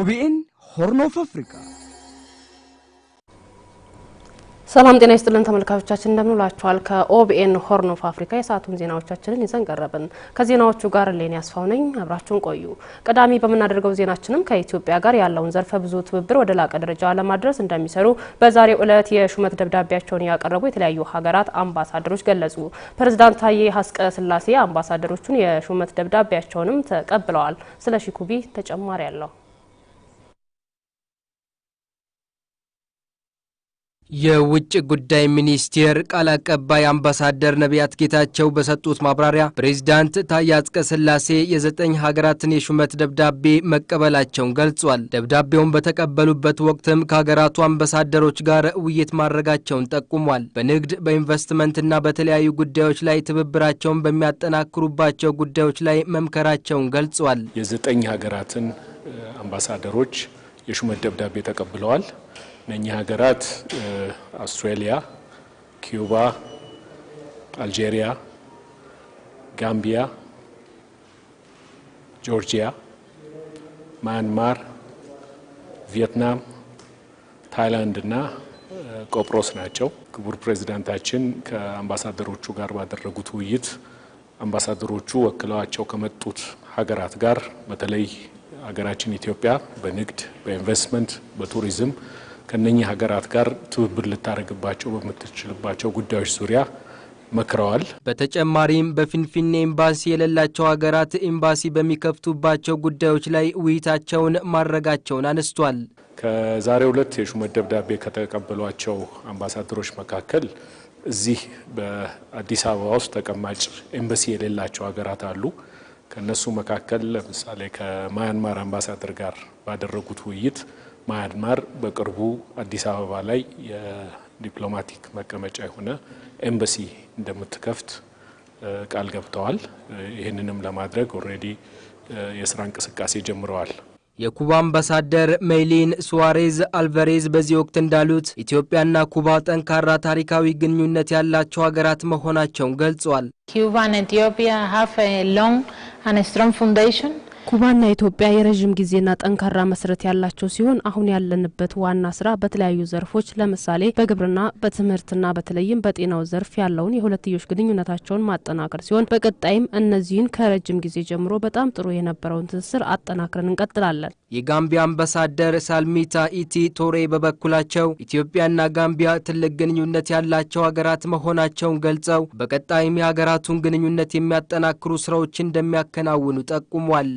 ኦቢኤን ሆርን ኦፍ አፍሪካ። ሰላም ጤና ይስጥልን ተመልካቾቻችን፣ እንደምንላችኋል። ከኦቢኤን ሆርን ኦፍ አፍሪካ የሰዓቱን ዜናዎቻችንን ይዘን ቀረብን። ከዜናዎቹ ጋር ሌን ያስፋው ነኝ። አብራችሁን ቆዩ። ቀዳሚ በምናደርገው ዜናችንም ከኢትዮጵያ ጋር ያለውን ዘርፈ ብዙ ትብብር ወደ ላቀ ደረጃ ለማድረስ እንደሚሰሩ በዛሬው ዕለት የሹመት ደብዳቤያቸውን ያቀረቡ የተለያዩ ሀገራት አምባሳደሮች ገለጹ። ፕሬዝዳንት ታዬ አጽቀ ሥላሴ አምባሳደሮቹን የሹመት ደብዳቤያቸውንም ተቀብለዋል። ስለ ሺኩቢ ተጨማሪ አለው የውጭ ጉዳይ ሚኒስቴር ቃል አቀባይ አምባሳደር ነቢያት ጌታቸው በሰጡት ማብራሪያ ፕሬዚዳንት ታዬ አጽቀሥላሴ የዘጠኝ ሀገራትን የሹመት ደብዳቤ መቀበላቸውን ገልጿል። ደብዳቤውን በተቀበሉበት ወቅትም ከሀገራቱ አምባሳደሮች ጋር ውይይት ማድረጋቸውን ጠቁሟል። በንግድ በኢንቨስትመንትና በተለያዩ ጉዳዮች ላይ ትብብራቸውን በሚያጠናክሩባቸው ጉዳዮች ላይ መምከራቸውን ገልጿል። የዘጠኝ ሀገራትን አምባሳደሮች የሹመት ደብዳቤ ተቀብለዋል። እነኚህ ሀገራት አውስትራሊያ፣ ኪዩባ፣ አልጄሪያ፣ ጋምቢያ፣ ጆርጂያ፣ ማያንማር፣ ቪየትናም፣ ታይላንድ እና ቆጵሮስ ናቸው። ክቡር ፕሬዚዳንታችን ከአምባሳደሮቹ ጋር ባደረጉት ውይይት አምባሳደሮቹ ወክለዋቸው ከመጡት ሀገራት ጋር በተለይ ሀገራችን ኢትዮጵያ በንግድ፣ በኢንቨስትመንት፣ በቱሪዝም ከነኚህ ሀገራት ጋር ትብብር ልታደርግባቸው በምትችልባቸው ጉዳዮች ዙሪያ መክረዋል። በተጨማሪም በፊንፊኔ ኤምባሲ የሌላቸው ሀገራት ኤምባሲ በሚከፍቱባቸው ጉዳዮች ላይ ውይይታቸውን ማድረጋቸውን አነስቷል። ከዛሬ ሁለት የሹመት ደብዳቤ ከተቀበሏቸው አምባሳደሮች መካከል እዚህ በአዲስ አበባ ውስጥ ተቀማጭ ኤምባሲ የሌላቸው ሀገራት አሉ። ከእነሱ መካከል ለምሳሌ ከማያንማር አምባሳደር ጋር ባደረጉት ውይይት ማያድማር በቅርቡ አዲስ አበባ ላይ የዲፕሎማቲክ መቀመጫ የሆነ ኤምባሲ እንደምትከፍት ቃል ገብተዋል። ይህንንም ለማድረግ ኦልሬዲ የስራ እንቅስቃሴ ጀምረዋል። የኩባ አምባሳደር ሜይሊን ሱዋሬዝ አልቨሬዝ በዚህ ወቅት እንዳሉት ኢትዮጵያና ኩባ ጠንካራ ታሪካዊ ግንኙነት ያላቸው ሀገራት መሆናቸውን ገልጿል። ኩባና ኢትዮጵያ የረዥም ጊዜና ጠንካራ መሰረት ያላቸው ሲሆን አሁን ያለንበት ዋና ስራ በተለያዩ ዘርፎች ለምሳሌ በግብርና፣ በትምህርትና በተለይም በጤናው ዘርፍ ያለውን የሁለትዮሽ ግንኙነታቸውን ማጠናከር ሲሆን በቀጣይም እነዚህን ከረጅም ጊዜ ጀምሮ በጣም ጥሩ የነበረውን ትስስር አጠናክረን እንቀጥላለን። የጋምቢያ አምባሳደር ሳልሚታ ኢቲ ቶሬ በበኩላቸው ኢትዮጵያና ጋምቢያ ትልቅ ግንኙነት ያላቸው ሀገራት መሆናቸውን ገልጸው በቀጣይም የሀገራቱን ግንኙነት የሚያጠናክሩ ስራዎች እንደሚያከናውኑ ጠቁሟል።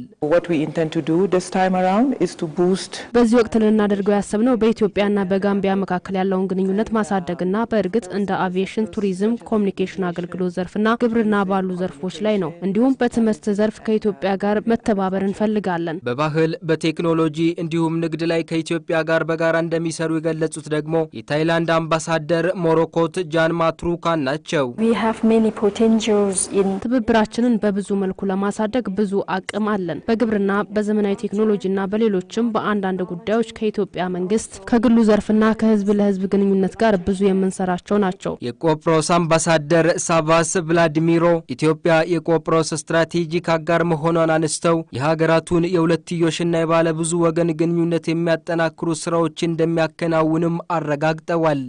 በዚህ ወቅት ልናደርገው ያሰብነው በኢትዮጵያና በጋምቢያ መካከል ያለውን ግንኙነት ማሳደግና በእርግጥ እንደ አቪዬሽን፣ ቱሪዝም፣ ኮሚኒኬሽን አገልግሎት ዘርፍና ግብርና ባሉ ዘርፎች ላይ ነው። እንዲሁም በትምህርት ዘርፍ ከኢትዮጵያ ጋር መተባበር እንፈልጋለን። በባህል በቴክኖሎጂ እንዲሁም ንግድ ላይ ከኢትዮጵያ ጋር በጋራ እንደሚሰሩ የገለጹት ደግሞ የታይላንድ አምባሳደር ሞሮኮት ጃን ማትሩካ ናቸው። ትብብራችንን በብዙ መልኩ ለማሳደግ ብዙ አቅም አለን። በግብርና በዘመናዊ ቴክኖሎጂና በሌሎችም በአንዳንድ ጉዳዮች ከኢትዮጵያ መንግስት ከግሉ ዘርፍና ከህዝብ ለህዝብ ግንኙነት ጋር ብዙ የምንሰራቸው ናቸው። የቆጵሮስ አምባሳደር ሳቫስ ቭላዲሚሮ ኢትዮጵያ የቆጵሮስ ስትራቴጂክ አጋር መሆኗን አነስተው የሀገራቱን የሁለትዮሽና የባለ ብዙ ወገን ግንኙነት የሚያጠናክሩ ስራዎች እንደሚያከናውንም አረጋግጠዋል።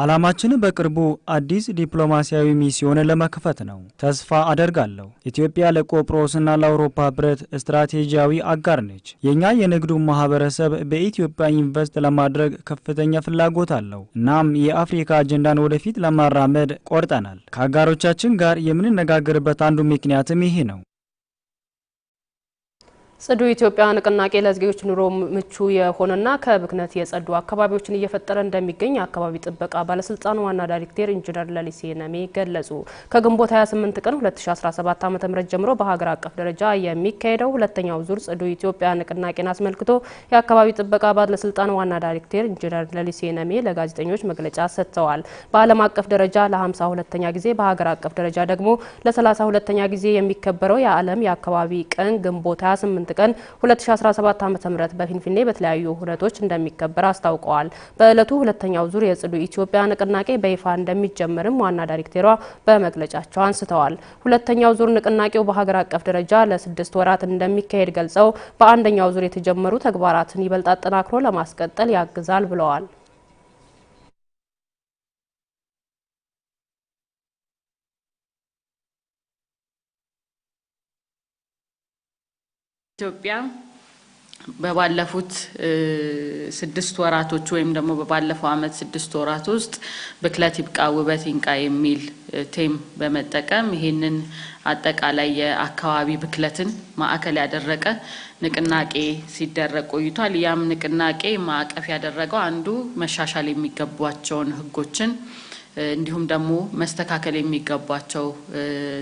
ዓላማችን በቅርቡ አዲስ ዲፕሎማሲያዊ ሚስዮን ለመክፈት ነው። ተስፋ አደርጋለሁ። ኢትዮጵያ ለቆጵሮስና ለአውሮፓ ብረት ስትራቴጂያዊ አጋር ነች። የእኛ የንግዱ ማህበረሰብ በኢትዮጵያ ኢንቨስት ለማድረግ ከፍተኛ ፍላጎት አለው። እናም የአፍሪካ አጀንዳን ወደፊት ለማራመድ ቆርጠናል። ከአጋሮቻችን ጋር የምንነጋገርበት አንዱ ምክንያትም ይሄ ነው። ጽዱ ኢትዮጵያ ንቅናቄ ለዜጎች ኑሮ ምቹ የሆነና ከብክነት የጸዱ አካባቢዎችን እየፈጠረ እንደሚገኝ የአካባቢ ጥበቃ ባለስልጣን ዋና ዳይሬክተር ኢንጂነር ለሊሴ ነሜ ገለጹ። ከግንቦት 28 ቀን 2017 ዓ ም ጀምሮ በሀገር አቀፍ ደረጃ የሚካሄደው ሁለተኛው ዙር ጽዱ ኢትዮጵያ ንቅናቄን አስመልክቶ የአካባቢ ጥበቃ ባለስልጣን ዋና ዳይሬክተር ኢንጂነር ለሊሴ ነሜ ለጋዜጠኞች መግለጫ ሰጥተዋል። በዓለም አቀፍ ደረጃ ለ52ኛ ጊዜ በሀገር አቀፍ ደረጃ ደግሞ ለ32ኛ ጊዜ የሚከበረው የዓለም የአካባቢ ቀን ግንቦት 28 ጥቅምት ቀን 2017 ዓ ም በፊንፊኔ በተለያዩ ሁነቶች እንደሚከበር አስታውቀዋል። በዕለቱ ሁለተኛው ዙር የጽዱ ኢትዮጵያ ንቅናቄ በይፋ እንደሚጀመርም ዋና ዳይሬክተሯ በመግለጫቸው አንስተዋል። ሁለተኛው ዙር ንቅናቄው በሀገር አቀፍ ደረጃ ለስድስት ወራት እንደሚካሄድ ገልጸው በአንደኛው ዙር የተጀመሩ ተግባራትን ይበልጥ አጠናክሮ ለማስቀጠል ያግዛል ብለዋል። ኢትዮጵያ በባለፉት ስድስት ወራቶች ወይም ደግሞ በባለፈው ዓመት ስድስት ወራት ውስጥ ብክለት ይብቃ ውበት ይንቃ የሚል ቴም በመጠቀም ይህንን አጠቃላይ የአካባቢ ብክለትን ማዕከል ያደረቀ ንቅናቄ ሲደረግ ቆይቷል። ያም ንቅናቄ ማዕቀፍ ያደረገው አንዱ መሻሻል የሚገቧቸውን ሕጎችን እንዲሁም ደግሞ መስተካከል የሚገባቸው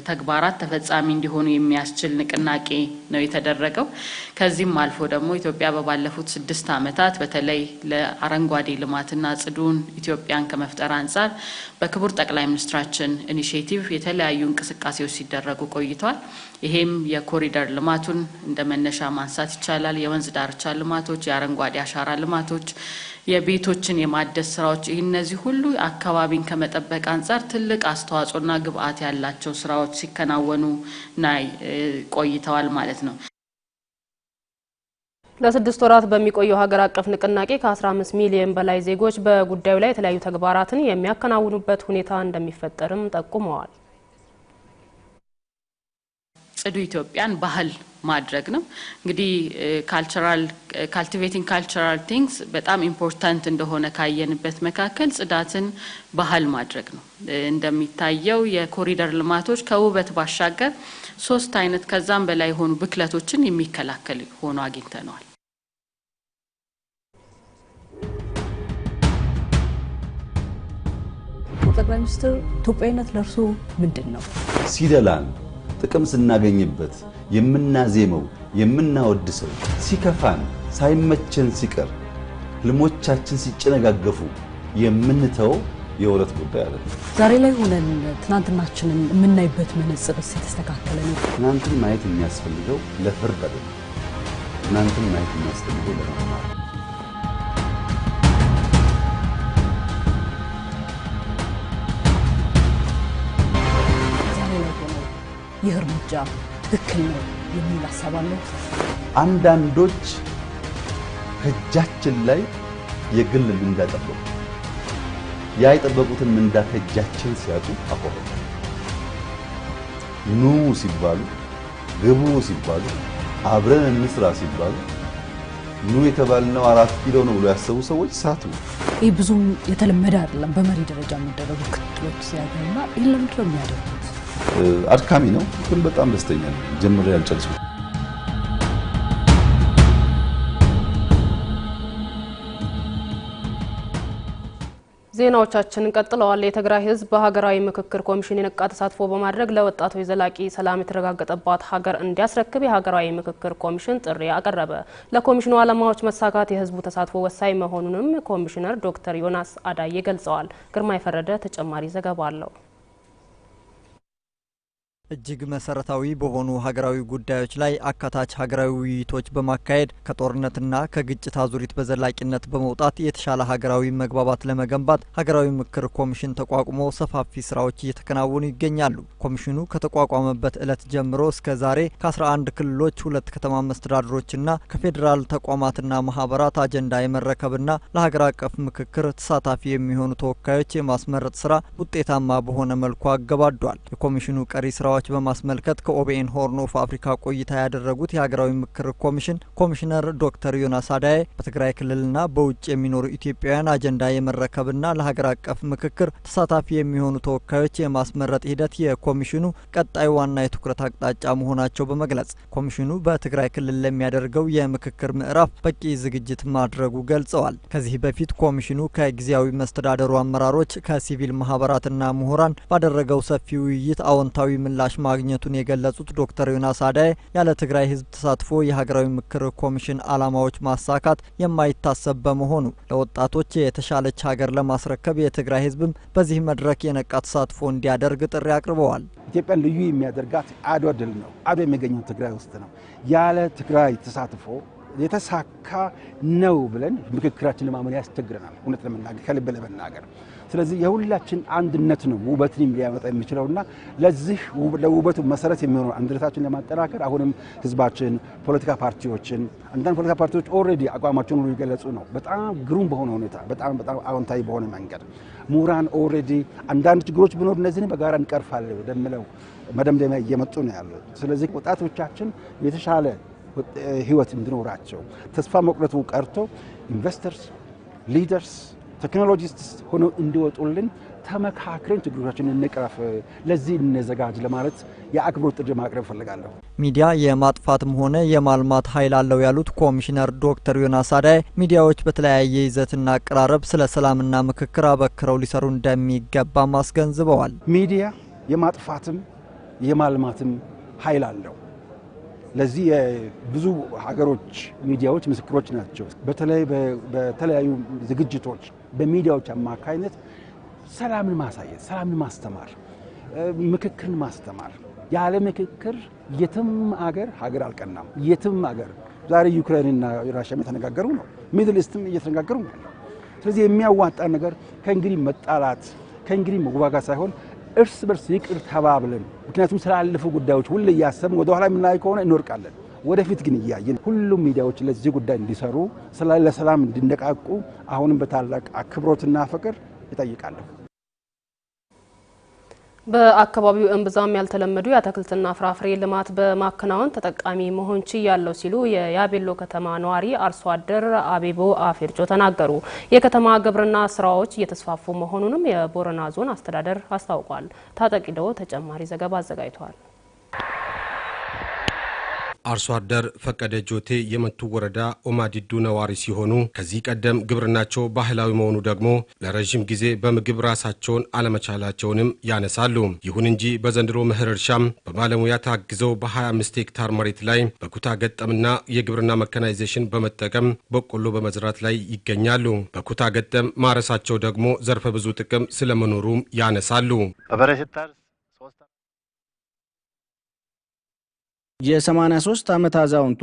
ተግባራት ተፈጻሚ እንዲሆኑ የሚያስችል ንቅናቄ ነው የተደረገው። ከዚህም አልፎ ደግሞ ኢትዮጵያ በባለፉት ስድስት ዓመታት በተለይ ለአረንጓዴ ልማትና ጽዱን ኢትዮጵያን ከመፍጠር አንጻር በክቡር ጠቅላይ ሚኒስትራችን ኢኒሽቲቭ የተለያዩ እንቅስቃሴዎች ሲደረጉ ቆይተዋል። ይሄም የኮሪደር ልማቱን እንደ መነሻ ማንሳት ይቻላል። የወንዝ ዳርቻ ልማቶች፣ የአረንጓዴ አሻራ ልማቶች የቤቶችን የማደስ ስራዎች እነዚህ ሁሉ አካባቢን ከመጠበቅ አንጻር ትልቅ አስተዋጽኦና ግብአት ያላቸው ስራዎች ሲከናወኑ ናይ ቆይተዋል ማለት ነው። ለስድስት ወራት በሚቆየው ሀገር አቀፍ ንቅናቄ ከ15 ሚሊዮን በላይ ዜጎች በጉዳዩ ላይ የተለያዩ ተግባራትን የሚያከናውኑበት ሁኔታ እንደሚፈጠርም ጠቁመዋል። ጽዱ ኢትዮጵያን ባህል ማድረግ ነው። እንግዲህ ካልቸራል ካልቲቬቲንግ ካልቸራል ቲንግስ በጣም ኢምፖርታንት እንደሆነ ካየንበት መካከል ጽዳትን ባህል ማድረግ ነው። እንደሚታየው የኮሪደር ልማቶች ከውበት ባሻገር ሶስት አይነት ከዛም በላይ የሆኑ ብክለቶችን የሚከላከል ሆኖ አግኝተነዋል። ጠቅላይ ሚኒስትር ኢትዮጵያዊነት ለእርሱ ምንድን ነው? ሲደላን ጥቅም ስናገኝበት የምናዜመው የምናወድሰው ሲከፋን ሳይመቸን ሲቀር ህልሞቻችን ሲጨነጋገፉ የምንተው የውረት ጉዳይ አለ። ዛሬ ላይ ሆነን ትናንትናችንን የምናይበት መነጽር የተስተካከለ ነው። ትናንትን ማየት የሚያስፈልገው ለፍርድ አይደለም። ትናንትን ማየት የሚያስፈልገው ለመማር ይህ እርምጃ ትክክል ነው የሚል አሳባለሁ። አንዳንዶች ከእጃችን ላይ የግል ምንዳ ጠበቁ። ያ የጠበቁትን ምንዳ ከእጃችን ሲያጡ አኮረ ኑ ሲባሉ ግቡ ሲባሉ አብረን እንስራ ሲባሉ ኑ የተባልነው አራት ኪሎ ነው ብሎ ያሰቡ ሰዎች ሳቱ። ይህ ብዙም የተለመደ አይደለም። በመሪ ደረጃ የሚደረጉ ክትሎች ሲያገኙና ይህ ለምንድነው የሚያደርጉት? አድካሚ ነው፣ ግን በጣም ደስተኛ ነው። ጀምሬ ያልጨረስኩት ዜናዎቻችንን ቀጥለዋል። የትግራይ ሕዝብ በሀገራዊ ምክክር ኮሚሽን የነቃ ተሳትፎ በማድረግ ለወጣቶች ዘላቂ ሰላም የተረጋገጠባት ሀገር እንዲያስረክብ የሀገራዊ ምክክር ኮሚሽን ጥሪ አቀረበ። ለኮሚሽኑ ዓላማዎች መሳካት የሕዝቡ ተሳትፎ ወሳኝ መሆኑንም ኮሚሽነር ዶክተር ዮናስ አዳዬ ገልጸዋል። ግርማ የፈረደ ተጨማሪ ዘገባ አለው። እጅግ መሰረታዊ በሆኑ ሀገራዊ ጉዳዮች ላይ አካታች ሀገራዊ ውይይቶች በማካሄድ ከጦርነትና ከግጭት አዙሪት በዘላቂነት በመውጣት የተሻለ ሀገራዊ መግባባት ለመገንባት ሀገራዊ ምክር ኮሚሽን ተቋቁሞ ሰፋፊ ስራዎች እየተከናወኑ ይገኛሉ። ኮሚሽኑ ከተቋቋመበት ዕለት ጀምሮ እስከ ዛሬ ከ11 ክልሎች ሁለት ከተማ መስተዳድሮችና ከፌዴራል ተቋማትና ማህበራት አጀንዳ የመረከብና ለሀገር አቀፍ ምክክር ተሳታፊ የሚሆኑ ተወካዮች የማስመረጥ ስራ ውጤታማ በሆነ መልኩ አገባዷል። የኮሚሽኑ ቀሪ ስራ ጉዳዮች በማስመልከት ከኦቤን ሆርን ኦፍ አፍሪካ ቆይታ ያደረጉት የሀገራዊ ምክር ኮሚሽን ኮሚሽነር ዶክተር ዮናስ አዳዬ በትግራይ ክልልና በውጭ የሚኖሩ ኢትዮጵያውያን አጀንዳ የመረከብና ለሀገር አቀፍ ምክክር ተሳታፊ የሚሆኑ ተወካዮች የማስመረጥ ሂደት የኮሚሽኑ ቀጣይ ዋና የትኩረት አቅጣጫ መሆናቸው በመግለጽ ኮሚሽኑ በትግራይ ክልል ለሚያደርገው የምክክር ምዕራፍ በቂ ዝግጅት ማድረጉ ገልጸዋል። ከዚህ በፊት ኮሚሽኑ ከጊዜያዊ መስተዳደሩ አመራሮች ከሲቪል ማህበራትና ምሁራን ባደረገው ሰፊ ውይይት አዎንታዊ ምላሽ ምላሽ ማግኘቱን የገለጹት ዶክተር ዮናስ አዳይ ያለ ትግራይ ህዝብ ተሳትፎ የሀገራዊ ምክር ኮሚሽን አላማዎች ማሳካት የማይታሰብ በመሆኑ ለወጣቶች የተሻለች ሀገር ለማስረከብ የትግራይ ህዝብም በዚህ መድረክ የነቃ ተሳትፎ እንዲያደርግ ጥሪ አቅርበዋል። ኢትዮጵያን ልዩ የሚያደርጋት አድዋ ድል ነው። አድዋ የሚገኘው ትግራይ ውስጥ ነው። ያለ ትግራይ ተሳትፎ የተሳካ ነው ብለን ምክክራችን ለማመን ያስቸግረናል። እውነት ለመናገር ከልብ ለመናገር ስለዚህ የሁላችን አንድነት ነው ውበትን ሊያመጣ የሚችለውና ለዚህ ለውበቱ መሰረት የሚሆነው አንድነታችን ለማጠናከር አሁንም ህዝባችን፣ ፖለቲካ ፓርቲዎችን አንዳንድ ፖለቲካ ፓርቲዎች ኦልሬዲ አቋማቸውን ሁሉ የገለጹ ነው። በጣም ግሩም በሆነ ሁኔታ በጣም በጣም አዎንታዊ በሆነ መንገድ ምሁራን ኦልሬዲ አንዳንድ ችግሮች ቢኖር እነዚህን በጋራ እንቀርፋለን ወደሚለው መደምደሚያ እየመጡ ነው ያሉ። ስለዚህ ወጣቶቻችን የተሻለ ህይወት እንዲኖራቸው ተስፋ መቁረቱ ቀርቶ ኢንቨስተርስ ሊደርስ ቴክኖሎጂስት ሆነው እንዲወጡልን ተመካክረን ችግሮቻችን እንቅረፍ፣ ለዚህ እንዘጋጅ ለማለት የአክብሮት ጥሪ ማቅረብ እፈልጋለሁ። ሚዲያ የማጥፋትም ሆነ የማልማት ኃይል አለው ያሉት ኮሚሽነር ዶክተር ዮናስ አዳይ ሚዲያዎች በተለያየ ይዘትና አቀራረብ ስለ ሰላምና ምክክር አበክረው ሊሰሩ እንደሚገባም አስገንዝበዋል። ሚዲያ የማጥፋትም የማልማትም ኃይል አለው። ለዚህ የብዙ ሀገሮች ሚዲያዎች ምስክሮች ናቸው። በተለይ በተለያዩ ዝግጅቶች በሚዲያዎች አማካኝነት ሰላምን ማሳየት፣ ሰላምን ማስተማር፣ ምክክርን ማስተማር። ያለ ምክክር የትም አገር ሀገር አልቀናም። የትም አገር ዛሬ ዩክሬንና ራሽያም የተነጋገሩ ነው። ሚድል ኢስትም እየተነጋገሩ ነው። ስለዚህ የሚያዋጣ ነገር ከእንግዲህ መጣላት ከእንግዲህ መዋጋት ሳይሆን እርስ በርስ ይቅር ተባብለን፣ ምክንያቱም ስላለፉ ጉዳዮች ሁሌ እያሰብን ወደኋላ የምናይ ከሆነ እንወርቃለን። ወደፊት ግን እያየን ሁሉም ሚዲያዎች ለዚህ ጉዳይ እንዲሰሩ ለሰላም እንዲነቃቁ አሁንም በታላቅ አክብሮትና ፍቅር እጠይቃለሁ በአካባቢው እምብዛም ያልተለመዱ የአትክልትና ፍራፍሬ ልማት በማከናወን ተጠቃሚ መሆን ያለው ሲሉ የያቤሎ ከተማ ነዋሪ አርሶ አደር አቤቦ አፌርጆ ተናገሩ። የከተማ ግብርና ስራዎች እየተስፋፉ መሆኑንም የቦረና ዞን አስተዳደር አስታውቋል። ታጠቂደው ተጨማሪ ዘገባ አዘጋጅቷል። አርሶ አደር ፈቀደ ጆቴ የመቱ ወረዳ ኦማዲዱ ነዋሪ ሲሆኑ ከዚህ ቀደም ግብርናቸው ባህላዊ መሆኑ ደግሞ ለረዥም ጊዜ በምግብ ራሳቸውን አለመቻላቸውንም ያነሳሉ። ይሁን እንጂ በዘንድሮ መኸር እርሻም በባለሙያ ታግዘው በ25 ሄክታር መሬት ላይ በኩታ ገጠምና የግብርና መካናይዜሽን በመጠቀም በቆሎ በመዝራት ላይ ይገኛሉ። በኩታ ገጠም ማረሳቸው ደግሞ ዘርፈ ብዙ ጥቅም ስለመኖሩም ያነሳሉ። የ83 ዓመት አዛውንቱ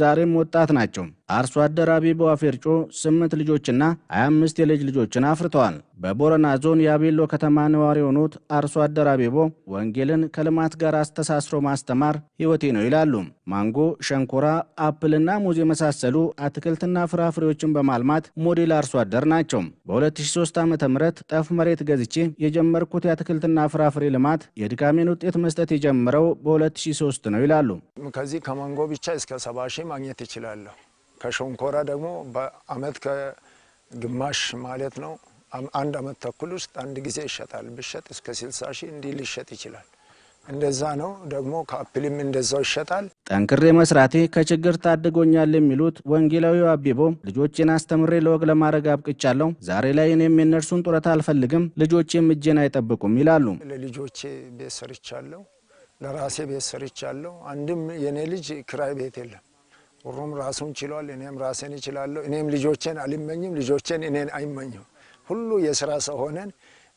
ዛሬም ወጣት ናቸው። አርሶ አደር አቤቦ አፌርጮ ስምንት ልጆችና 25 የልጅ ልጆችን አፍርተዋል። በቦረና ዞን የአቤሎ ከተማ ነዋሪ የሆኑት አርሶ አደር አቤቦ ወንጌልን ከልማት ጋር አስተሳስሮ ማስተማር ሕይወቴ ነው ይላሉ። ማንጎ፣ ሸንኮራ፣ አፕልና ሙዝ የመሳሰሉ አትክልትና ፍራፍሬዎችን በማልማት ሞዴል አርሶ አደር ናቸው። በ2003 ዓ ም ጠፍ መሬት ገዝቼ የጀመርኩት የአትክልትና ፍራፍሬ ልማት የድካሜን ውጤት መስጠት የጀመረው በ2003 ነው ይላሉ። ከዚህ ከማንጎ ብቻ እስከ ሰባ ሺህ ማግኘት ይችላለሁ ከሸንኮራ ደግሞ በአመት ከግማሽ ማለት ነው አንድ አመት ተኩል ውስጥ አንድ ጊዜ ይሸጣል። ብሸጥ እስከ 60 ሺህ እንዲህ ሊሸጥ ይችላል። እንደዛ ነው ደግሞ ከአፕልም እንደዛው ይሸጣል። ጠንክሬ መስራቴ ከችግር ታድጎኛል የሚሉት ወንጌላዊው አቢቦ ልጆቼን አስተምሬ ለወግ ለማድረግ አብቅቻለሁ። ዛሬ ላይ እኔም የነርሱን ጡረታ አልፈልግም፣ ልጆቼም እጄን አይጠብቁም ይላሉ። ለልጆቼ ቤት ሰርቻለሁ፣ ለራሴ ቤት ሰርቻለሁ። አንድም የእኔ ልጅ ክራይ ቤት የለም። ሁሉም ራሱን ችሏል። እኔም ራሴን እችላለሁ። እኔም ልጆቼን አልመኝም፣ ልጆቼን እኔን አይመኝም ሁሉ የስራ ሰው ሆነን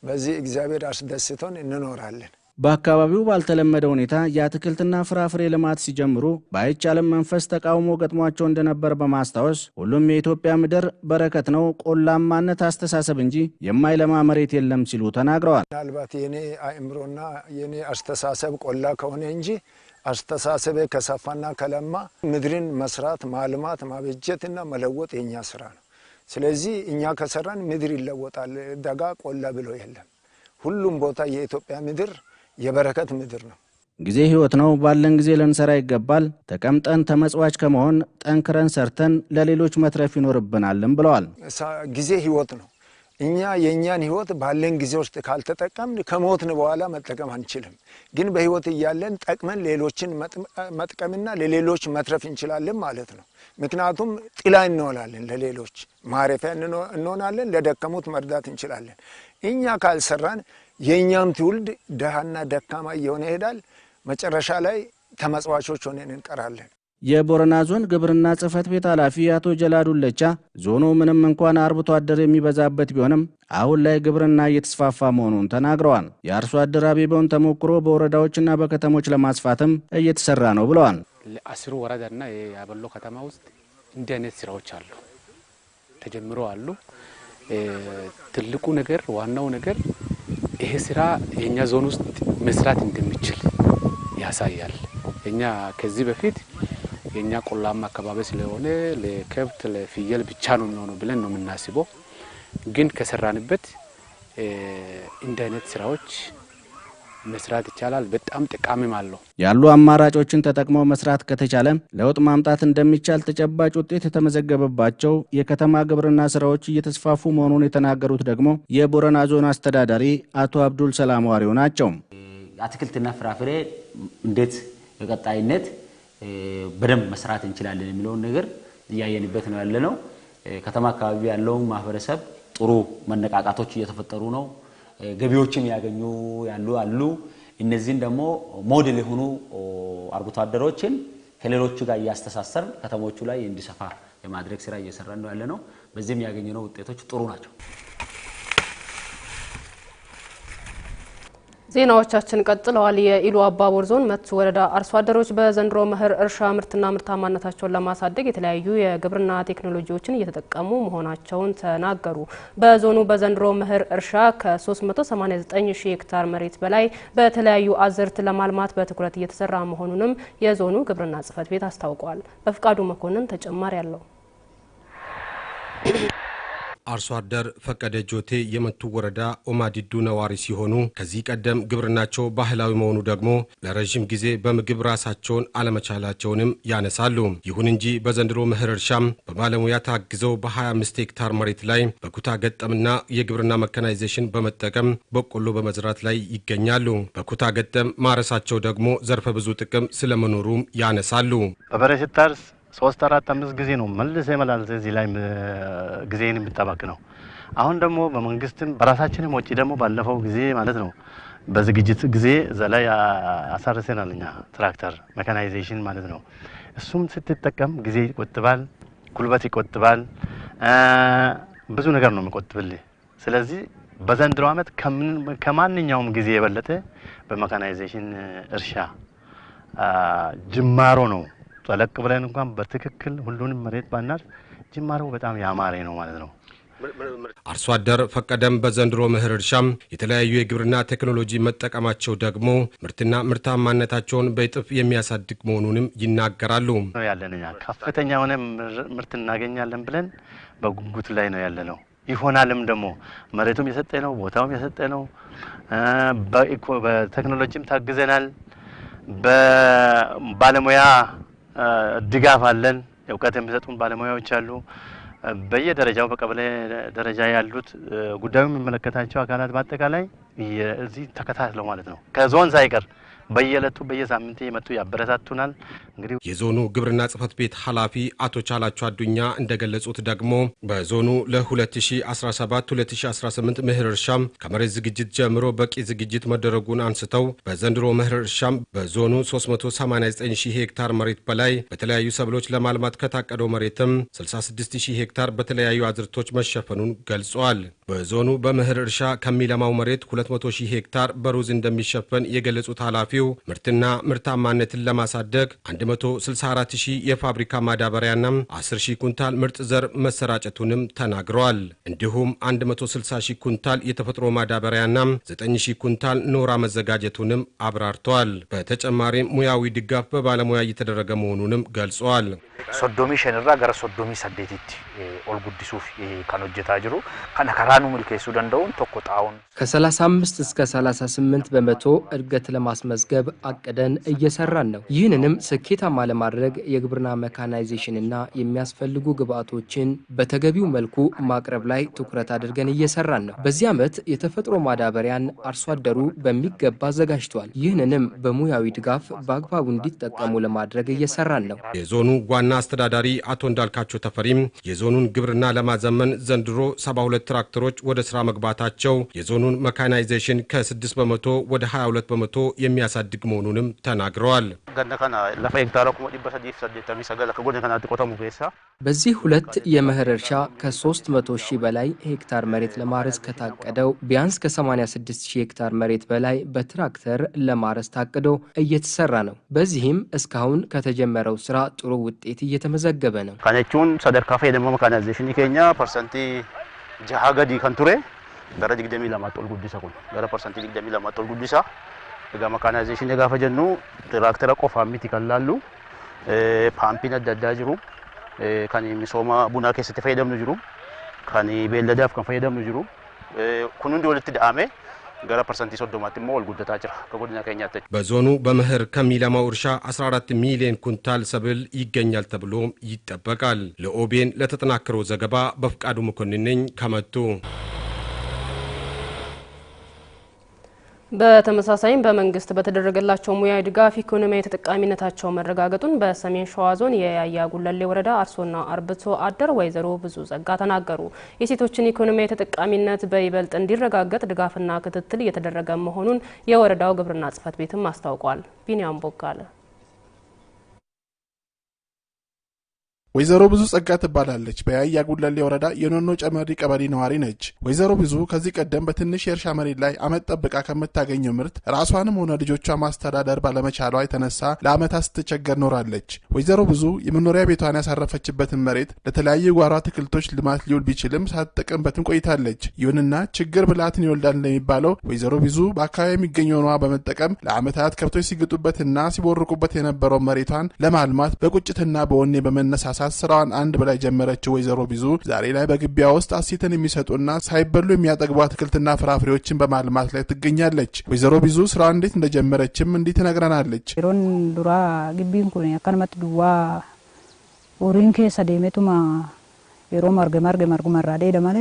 በዚህ እግዚአብሔር አስደስቶን እንኖራለን። በአካባቢው ባልተለመደ ሁኔታ የአትክልትና ፍራፍሬ ልማት ሲጀምሩ በአይቻልም መንፈስ ተቃውሞ ገጥሟቸው እንደነበር በማስታወስ ሁሉም የኢትዮጵያ ምድር በረከት ነው፣ ቆላማነት አስተሳሰብ እንጂ የማይለማ መሬት የለም ሲሉ ተናግረዋል። ምናልባት የኔ አእምሮና የኔ አስተሳሰብ ቆላ ከሆነ እንጂ አስተሳሰቤ ከሰፋና ከለማ ምድርን መስራት ማልማት ማበጀትና መለወጥ የእኛ ስራ ነው። ስለዚህ እኛ ከሰራን ምድር ይለወጣል። ደጋ ቆላ ብሎ የለም። ሁሉም ቦታ የኢትዮጵያ ምድር የበረከት ምድር ነው። ጊዜ ህይወት ነው። ባለን ጊዜ ልንሰራ ይገባል። ተቀምጠን ተመጽዋች ከመሆን ጠንክረን ሰርተን ለሌሎች መትረፍ ይኖርብናልም ብለዋል። ጊዜ ህይወት ነው። እኛ የእኛን ህይወት ባለን ጊዜ ውስጥ ካልተጠቀምን ከሞትን በኋላ መጠቀም አንችልም። ግን በህይወት እያለን ጠቅመን ሌሎችን መጥቀምና ለሌሎች መትረፍ እንችላለን ማለት ነው። ምክንያቱም ጥላ እንሆናለን፣ ለሌሎች ማረፊያ እንሆናለን፣ ለደከሙት መርዳት እንችላለን። እኛ ካልሰራን የእኛም ትውልድ ደሃና ደካማ እየሆነ ይሄዳል። መጨረሻ ላይ ተመጽዋቾች ሆነን እንቀራለን። የቦረና ዞን ግብርና ጽህፈት ቤት ኃላፊ አቶ ጀላዱለቻ ዞኑ ምንም እንኳን አርብቶ አደር የሚበዛበት ቢሆንም አሁን ላይ ግብርና እየተስፋፋ መሆኑን ተናግረዋል። የአርሶ አደር አቤበውን ተሞክሮ በወረዳዎችና በከተሞች ለማስፋትም እየተሰራ ነው ብለዋል። ለአስሩ ወረዳና የአበሎ ከተማ ውስጥ እንዲህ አይነት ስራዎች አሉ፣ ተጀምሮ አሉ። ትልቁ ነገር ዋናው ነገር ይሄ ስራ የእኛ ዞን ውስጥ መስራት እንደሚችል ያሳያል። እኛ ከዚህ በፊት የእኛ ቆላማ አካባቢ ስለሆነ ለከብት ለፍየል ብቻ ነው የሚሆነው ብለን ነው የምናስበው። ግን ከሰራንበት እንደ አይነት ስራዎች መስራት ይቻላል። በጣም ጠቃሚም አለው። ያሉ አማራጮችን ተጠቅመው መስራት ከተቻለ ለውጥ ማምጣት እንደሚቻል ተጨባጭ ውጤት የተመዘገበባቸው የከተማ ግብርና ስራዎች እየተስፋፉ መሆኑን የተናገሩት ደግሞ የቦረና ዞን አስተዳዳሪ አቶ አብዱል ሰላም ዋሪው ናቸው። አትክልትና ፍራፍሬ እንዴት በቀጣይነት በደንብ መስራት እንችላለን የሚለውን ነገር እያየንበት ነው ያለነው። ከተማ አካባቢ ያለውን ማህበረሰብ ጥሩ መነቃቃቶች እየተፈጠሩ ነው። ገቢዎችን ያገኙ ያሉ አሉ። እነዚህን ደግሞ ሞዴል የሆኑ አርብቶ አደሮችን ከሌሎቹ ጋር እያስተሳሰር ከተሞቹ ላይ እንዲሰፋ የማድረግ ስራ እየሰራ ነው ያለ ነው። በዚህም ያገኘነው ውጤቶች ጥሩ ናቸው። ዜናዎቻችን ቀጥለዋል። የኢሉ አባቦር ዞን መቱ ወረዳ አርሶ አደሮች በዘንድሮ መኸር እርሻ ምርትና ምርታማነታቸውን ለማሳደግ የተለያዩ የግብርና ቴክኖሎጂዎችን እየተጠቀሙ መሆናቸውን ተናገሩ። በዞኑ በዘንድሮ መኸር እርሻ ከ389 ሺህ ሄክታር መሬት በላይ በተለያዩ አዝርት ለማልማት በትኩረት እየተሰራ መሆኑንም የዞኑ ግብርና ጽሕፈት ቤት አስታውቋል። በፍቃዱ መኮንን ተጨማሪ አለው። አርሶ አደር ፈቀደ ጆቴ የመቱ ወረዳ ኦማዲዱ ነዋሪ ሲሆኑ ከዚህ ቀደም ግብርናቸው ባህላዊ መሆኑ ደግሞ ለረዥም ጊዜ በምግብ ራሳቸውን አለመቻላቸውንም ያነሳሉ። ይሁን እንጂ በዘንድሮ ምህር እርሻም በባለሙያ ታግዘው በ25 ሄክታር መሬት ላይ በኩታ ገጠምና የግብርና መካናይዜሽን በመጠቀም በቆሎ በመዝራት ላይ ይገኛሉ። በኩታ ገጠም ማረሳቸው ደግሞ ዘርፈ ብዙ ጥቅም ስለመኖሩም ያነሳሉ። በበሬ ሶስት አራት አምስት ጊዜ ነው መልሰ መላልሰ እዚህ ላይ ጊዜን የምጠባቅ ነው። አሁን ደግሞ በመንግስትም በራሳችንም ወጪ ደግሞ ባለፈው ጊዜ ማለት ነው በዝግጅት ጊዜ እዛ ላይ አሳርሰናል እኛ ትራክተር መካናይዜሽን ማለት ነው። እሱም ስትጠቀም ጊዜ ይቆጥባል፣ ጉልበት ይቆጥባል፣ ብዙ ነገር ነው የሚቆጥብልህ። ስለዚህ በዘንድሮ ዓመት ከማንኛውም ጊዜ የበለጠ በመካናይዜሽን እርሻ ጅማሮ ነው ጠለቅ ብለን እንኳን በትክክል ሁሉንም መሬት ባናት ጅማሬው በጣም ያማረ ነው ማለት ነው። አርሶ አደር ፈቀደም በዘንድሮ ምህር እርሻም የተለያዩ የግብርና ቴክኖሎጂ መጠቀማቸው ደግሞ ምርትና ምርታማነታቸውን በእጥፍ የሚያሳድግ መሆኑንም ይናገራሉ። ያለንኛ ከፍተኛ የሆነ ምርት እናገኛለን ብለን በጉጉት ላይ ነው ያለ ነው። ይሆናልም ደግሞ መሬቱም የሰጠ ነው፣ ቦታውም የሰጠ ነው። በቴክኖሎጂም ታግዘናል። በባለሙያ ድጋፍ አለን። እውቀት የሚሰጡን ባለሙያዎች አሉ። በየደረጃው በቀበሌ ደረጃ ያሉት ጉዳዩ የሚመለከታቸው አካላት በአጠቃላይ እዚህ ተከታትለው ማለት ነው ከዞን ሳይቀር በየዕለቱ በየሳምንት የመጡ ያበረታቱናል። እንግዲህ የዞኑ ግብርና ጽህፈት ቤት ኃላፊ አቶ ቻላቸው አዱኛ እንደገለጹት ደግሞ በዞኑ ለ2017-2018 ምህር እርሻም ከመሬት ዝግጅት ጀምሮ በቂ ዝግጅት መደረጉን አንስተው በዘንድሮ ምህር እርሻም በዞኑ 389 ሄክታር መሬት በላይ በተለያዩ ሰብሎች ለማልማት ከታቀደው መሬትም 66 ሄክታር በተለያዩ አዝርቶች መሸፈኑን ገልጿል። በዞኑ በምህር እርሻ ከሚለማው መሬት 200,000 ሺህ ሄክታር በሩዝ እንደሚሸፈን የገለጹት ኃላፊው ምርትና ምርታማነትን ለማሳደግ 164,000 ሺህ የፋብሪካ ማዳበሪያና 10 ሺህ ኩንታል ምርጥ ዘር መሰራጨቱንም ተናግረዋል። እንዲሁም 160,000 ኩንታል የተፈጥሮ ማዳበሪያና 9 ሺህ ኩንታል ኖራ መዘጋጀቱንም አብራርተዋል። በተጨማሪም ሙያዊ ድጋፍ በባለሙያ እየተደረገ መሆኑንም ገልጸዋል። ሶዶሚ ሸንራ ገረ ሶዶሚ ሰዴቲቲ ኦልጉዲሱፍ ከን ጅሩ ከነ ዳኑ ምልኬሱ ደንደውን ቶኮ ከ35 እስከ 38 በመቶ እድገት ለማስመዝገብ አቅደን እየሰራን ነው። ይህንንም ስኬታማ ለማድረግ የግብርና መካናይዜሽንና የሚያስፈልጉ ግብዓቶችን በተገቢው መልኩ ማቅረብ ላይ ትኩረት አድርገን እየሰራን ነው። በዚህ ዓመት የተፈጥሮ ማዳበሪያን አርሶ አደሩ በሚገባ አዘጋጅቷል። ይህንንም በሙያዊ ድጋፍ በአግባቡ እንዲጠቀሙ ለማድረግ እየሰራን ነው። የዞኑ ዋና አስተዳዳሪ አቶ እንዳልካቸው ተፈሪም የዞኑን ግብርና ለማዘመን ዘንድሮ 72 ትራክተሮች አመራሮች ወደ ስራ መግባታቸው የዞኑን መካናይዜሽን ከ6 በመቶ ወደ 22 በመቶ የሚያሳድግ መሆኑንም ተናግረዋል። በዚህ ሁለት የመኸር እርሻ ከ300 ሺህ በላይ ሄክታር መሬት ለማረስ ከታቀደው ቢያንስ ከ86 ሺህ ሄክታር መሬት በላይ በትራክተር ለማረስ ታቅዶ እየተሰራ ነው። በዚህም እስካሁን ከተጀመረው ስራ ጥሩ ውጤት እየተመዘገበ ነው። jahaa gadii kan ture gara 22 ol guddisa kun gara parsantii 22 ol guddisa. Egaa makaanaayizeeshinii gaafa jennu tiraaktera qofaa miti kan laallu e, paampiin adda addaa jiru e, kan misooma bunaa keessatti fayyadamnu jiru kan beelladaaf kan fayyadamnu jiru kun hundi walitti da'ame ገረ parsantii soddomaatti immoo wal guddataa ከጎድና ከኛ ተች በዞኑ በመኸር ከሚለማው እርሻ 14 ሚሊዮን ኩንታል ሰብል ይገኛል ተብሎ ይጠበቃል። ለኦቤን ለተጠናከረው ዘገባ በፍቃዱ መኮንን ነኝ ከመቱ በተመሳሳይም በመንግስት በተደረገላቸው ሙያዊ ድጋፍ ኢኮኖሚያዊ ተጠቃሚነታቸው መረጋገጡን በሰሜን ሸዋ ዞን የያያ ጉለሌ ወረዳ አርሶና አርብቶ አደር ወይዘሮ ብዙ ጸጋ ተናገሩ። የሴቶችን ኢኮኖሚያዊ ተጠቃሚነት በይበልጥ እንዲረጋገጥ ድጋፍና ክትትል እየተደረገ መሆኑን የወረዳው ግብርና ጽሕፈት ቤትም አስታውቋል። ቢኒያም ቦጋለ ወይዘሮ ብዙ ጸጋ ትባላለች። በያያ ጉለሌ ወረዳ የኖኖ ጨመሪ ቀበሌ ነዋሪ ነች። ወይዘሮ ብዙ ከዚህ ቀደም በትንሽ የእርሻ መሬት ላይ አመት ጠብቃ ከምታገኘው ምርት ራሷንም ሆነ ልጆቿ ማስተዳደር ባለመቻሏ የተነሳ ለአመታት ስትቸገር ኖራለች። ወይዘሮ ብዙ የመኖሪያ ቤቷን ያሳረፈችበትን መሬት ለተለያዩ የጓሮ አትክልቶች ልማት ሊውል ቢችልም ሳትጠቀምበትም ቆይታለች። ይሁንና ችግር ብልሃትን ይወልዳል እንደሚባለው ወይዘሮ ብዙ በአካባቢ የሚገኘ ነዋ በመጠቀም ለአመታት ከብቶች ሲግጡበትና ሲቦርቁበት የነበረው መሬቷን ለማልማት በቁጭትና በወኔ በመነሳሳት ስራዋን አንድ በላይ ጀመረችው ወይዘሮ ቢዙ ዛሬ ላይ በግቢያ ውስጥ አሲትን የሚሰጡና ሳይበሉ የሚያጠግቡ አትክልትና ፍራፍሬዎችን በማልማት ላይ ትገኛለች። ወይዘሮ ቢዙ ስራ እንዴት እንደጀመረችም እንዲህ ትነግረናለች። ሮን ዱራ ግቢን ኩን አካንመት ድዋ ሪን ኬሰ ዴሜቱማ የሮ ማርገ ማርገ ማርጉ ደደ ማለ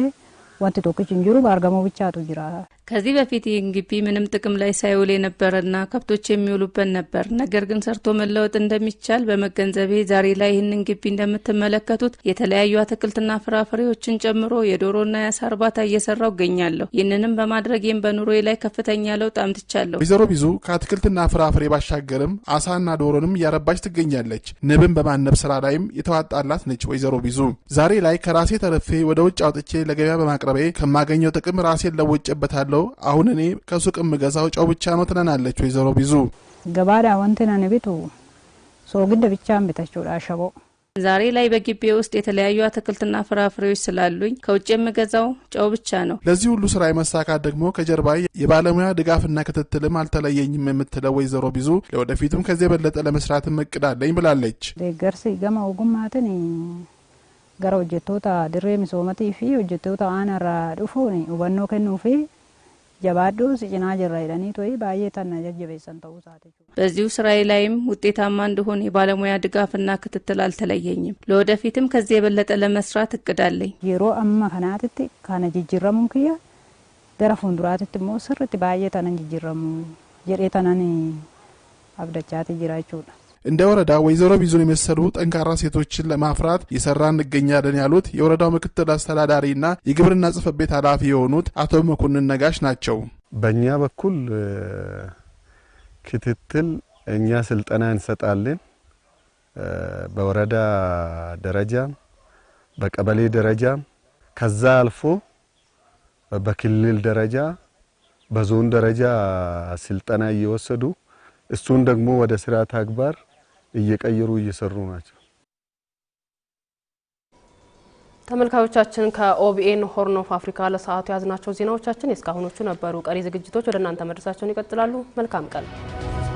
ዋንቲ ቶክች እንጅሩ በአርገሞ ብቻ ቱ ጅራ ከዚህ በፊት ይህ ግቢ ምንም ጥቅም ላይ ሳይውል የነበረና ከብቶች የሚውሉበት ነበር። ነገር ግን ሰርቶ መለወጥ እንደሚቻል በመገንዘቤ ዛሬ ላይ ይህንን ግቢ እንደምትመለከቱት የተለያዩ አትክልትና ፍራፍሬዎችን ጨምሮ የዶሮና የአሳ እርባታ እየሰራው እገኛለሁ። ይህንንም በማድረጌም በኑሮዬ ላይ ከፍተኛ ለውጥ አምጥቻለሁ። ወይዘሮ ቢዙ ከአትክልትና ፍራፍሬ ባሻገርም አሳና ዶሮንም እያረባች ትገኛለች። ንብን በማነብ ስራ ላይም የተዋጣላት ነች። ወይዘሮ ቢዙ ዛሬ ላይ ከራሴ ተረፌ ወደ ውጭ አውጥቼ ለገበያ በማቅረቤ ከማገኘው ጥቅም ራሴን ለውጭበታለሁ የምወስደው አሁን እኔ ከሱቅ የምገዛው ጨው ብቻ ነው ትለናለች ወይዘሮ ቢዙ ገባዳ ወንትና ንቤቱ ሰው ግደ ብቻ ንቤታቸው ዳሸቦ ዛሬ ላይ በግቤ ውስጥ የተለያዩ አትክልትና ፍራፍሬዎች ስላሉኝ ከውጭ የምገዛው ጨው ብቻ ነው። ለዚህ ሁሉ ስራ የመሳካት ደግሞ ከጀርባ የባለሙያ ድጋፍና ክትትልም አልተለየኝም የምትለው ወይዘሮ ቢዙ ለወደፊቱም ከዚህ የበለጠ ለመስራትም እቅዳለኝ ብላለች። ገርስ ገማ ወጉማትን ገራ ሆጀቶታ ድሬ ሚሶመቲ ፊ ሆጀቶታ አነራ ዱፉን ሁበኖ ከኑፊ ሲጭና ይለኒ ቶይ ባዬ ታና ተው ሳት በዚሁ ስራዬ ላይም ውጤታማ እንደሆን የባለሙያ ድጋፍና ክትትል አልተለየኝም። ለወደፊትም ከዚህ የበለጠ ለመስራት እቅዳለኝ። አለኝ። የሮ አማ ከናትት ካነ ጅጅረሙ ክያ ደረፉን ዱራትት ሞ ስርት ባየ ተነን ጅጅረሙ jedhee አብደቻት ጅራችሁ jiraachudha እንደ ወረዳ ወይዘሮ ቢዙን የመሰሉ ጠንካራ ሴቶችን ለማፍራት እየሰራ እንገኛለን ያሉት የወረዳው ምክትል አስተዳዳሪና የግብርና ጽህፈት ቤት ኃላፊ የሆኑት አቶ መኮንን ነጋሽ ናቸው። በእኛ በኩል ክትትል እኛ ስልጠና እንሰጣለን። በወረዳ ደረጃ በቀበሌ ደረጃ ከዛ አልፎ በክልል ደረጃ በዞን ደረጃ ስልጠና እየወሰዱ እሱን ደግሞ ወደ ስራ ተግባር እየቀየሩ እየሰሩ ናቸው። ተመልካቾቻችን ከኦቢኤን ሆርን ኦፍ አፍሪካ ለሰዓቱ የያዝናቸው ዜናዎቻችን የእስካሁኖቹ ነበሩ። ቀሪ ዝግጅቶች ወደ እናንተ መድረሳቸውን ይቀጥላሉ። መልካም ቀን